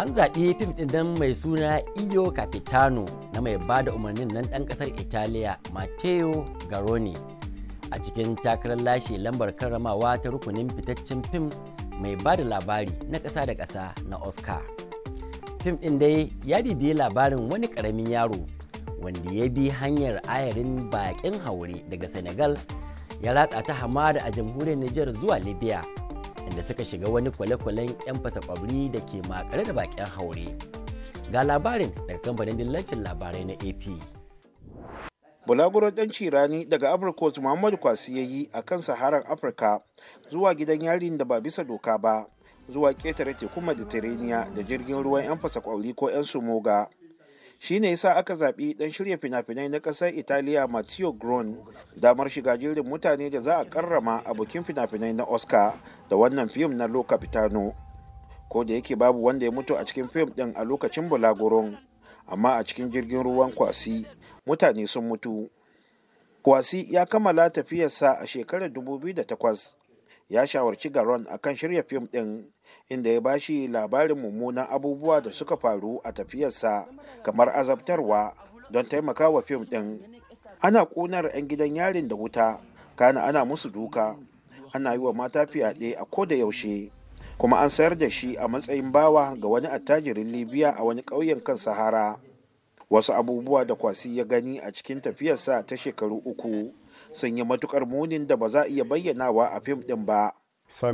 an zaɓi fim ɗin nan mai suna iyo capitano na mai ba da umarnin nan ɗan ƙasar italiya matteo garoni a cikin takarar lashe lambar karramawa ta rukunin fitaccen fim mai ba da labari na ƙasa da ƙasa na oscar fim ɗin dai ya bibiye labarin wani ƙaramin yaro wanda ya bi hanyar ayarin baƙin haure daga senegal ya ratsa ta hamada a jamhuriyar niger zuwa libya inda suka shiga wani kwale-kwalen 'yan fasakwabri da ke makare da bakin haure ga labarin daga kamfanin dillacin labarai na ap bulaguron danci cirani daga afirkos muhammadu kwasi ya yi a kan saharan afirka zuwa gidan yarin da ba bisa doka ba zuwa ƙetare tekun mediterania da jirgin ruwan 'yan fasa kwauri ko 'yan sumoga shi ne yasa aka zaɓi ɗan shirya fina-finai na ƙasar italiya matteo gron damar shiga jirin mutane da za a karrama abokin fina-finai na oscar da wannan fim na lo capitano ko da yake babu wanda ya mutu a cikin fim ɗin a lokacin bulaguron amma a cikin jirgin ruwan kwasi mutane sun mutu kwasi ya kammala tafiyarsa a shekarar 2008 ya shawarci garon kan shirya fim ɗin inda ya bashi labarin mummunan abubuwa da suka faru a tafiyarsa kamar azabtarwa don taimakawa fim ɗin ana ƙunar 'yan gidan yarin da wuta kana ana musu duka ana yi wa mata fyaɗe a ko da yaushe kuma an sayar da shi a matsayin bawa ga wani attajirin libya a wani ƙauyen kan sahara wasu abubuwa da kwasi ya gani a cikin tafiyarsa ta shekaru uku sun yi matukar munin da ba za a iya bayyanawa a fim ɗin ba So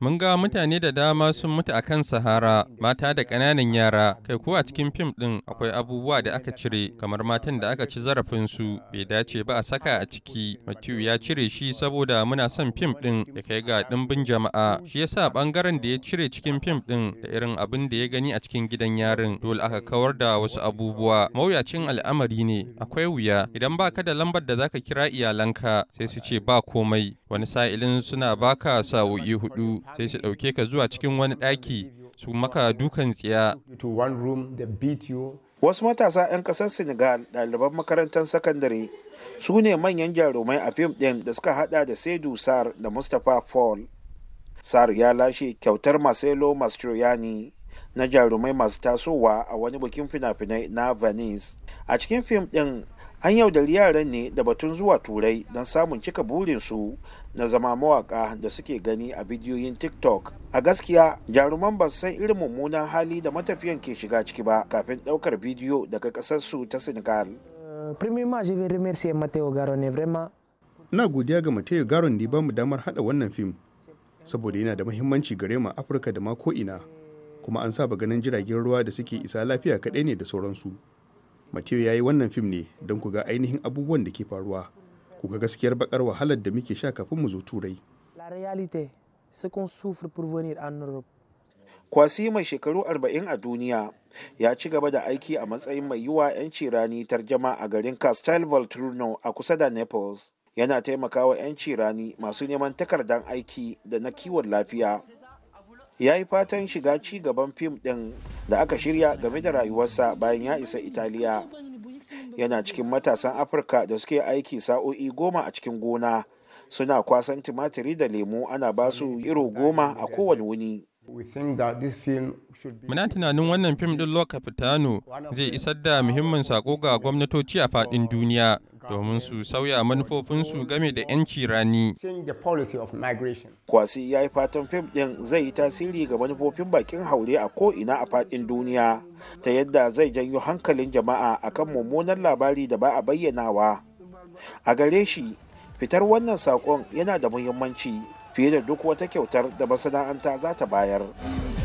Mun ga mutane da dama sun mutu a kan Sahara, mata da ƙananan yara, kai ko a cikin fim ɗin akwai abubuwa da aka cire, kamar matan da aka ci zarafinsu bai dace ba a saka a ciki. Matthew ya cire shi saboda muna son fim ɗin da kai ga ɗimbin jama'a, shi yasa ɓangaren da ya cire cikin fim ɗin da irin abin da ya gani a cikin gidan yarin, dole aka kawar da wasu abubuwa. Mawuyacin al'amari ne, akwai wuya, idan baka da lambar da zaka kira iyalanka sai su ce ba komai, wani sa'ilin suna baka sa'o'i hudu sai su dauke ka zuwa cikin wani daki su maka dukan tsiya. Wasu matasa 'yan ƙasar Senegal ɗaliban makarantar sakandare su ne manyan jarumai a fim ɗin da suka hada da Seydou Sar da Mustapha Fall. Sar ya lashe kyautar Marcelo Mastroianni na jarumai masu tasowa a wani bikin fina-finai na Venice. A cikin fim ɗin an yaudari yaran ne da batun zuwa turai don samun cika burinsu na zama mawaka da suke gani a bidiyoyin tiktok a gaskiya jaruman ba san irin mummunan hali da matafiyan ke shiga ciki ba kafin daukar bidiyo daga kasarsu ta senegal euh, na godiya ga mateo garon da ba mu damar hada wannan fim saboda yana da mahimmanci gare mu afirka da ma ko'ina kuma an saba ganin jiragen ruwa da suke isa lafiya kaɗai ne da sauransu Matthew ya yi wannan fim ne don ku ga ainihin abubuwan da ke faruwa, ku ga gaskiyar bakar wahalar da muke sha kafin mu zo turai. Kwasi mai shekaru arba'in a duniya ya ci gaba da aiki a matsayin mai yiwa 'yanci rani tarjama a garin Castel Volturno a kusa da Naples. Yana taimakawa 'yanci rani masu neman takardar aiki da na kiwon lafiya ya yi fatan shiga ci gaban fim ɗin da aka shirya game da rayuwarsa bayan ya isa italiya yana cikin matasan afirka da suke aiki sa'o'i goma a cikin gona suna kwasan tumatiri da lemu ana basu iro goma a kowane wuni Muna tunanin wannan fim ɗin Loka Fitano zai isar da muhimmin sako ga gwamnatoci a faɗin duniya domin su sauya manufofinsu game da 'yanci rani. Kwasi ya yi fatan fim ɗin zai yi tasiri ga manufofin bakin haure a ko'ina a faɗin duniya ta yadda zai janyo hankalin jama'a a kan mummunan labari da ba a bayyanawa. A gare shi, fitar wannan saƙon yana da muhimmanci. fiye da duk wata kyautar da masana'anta za ta bayar.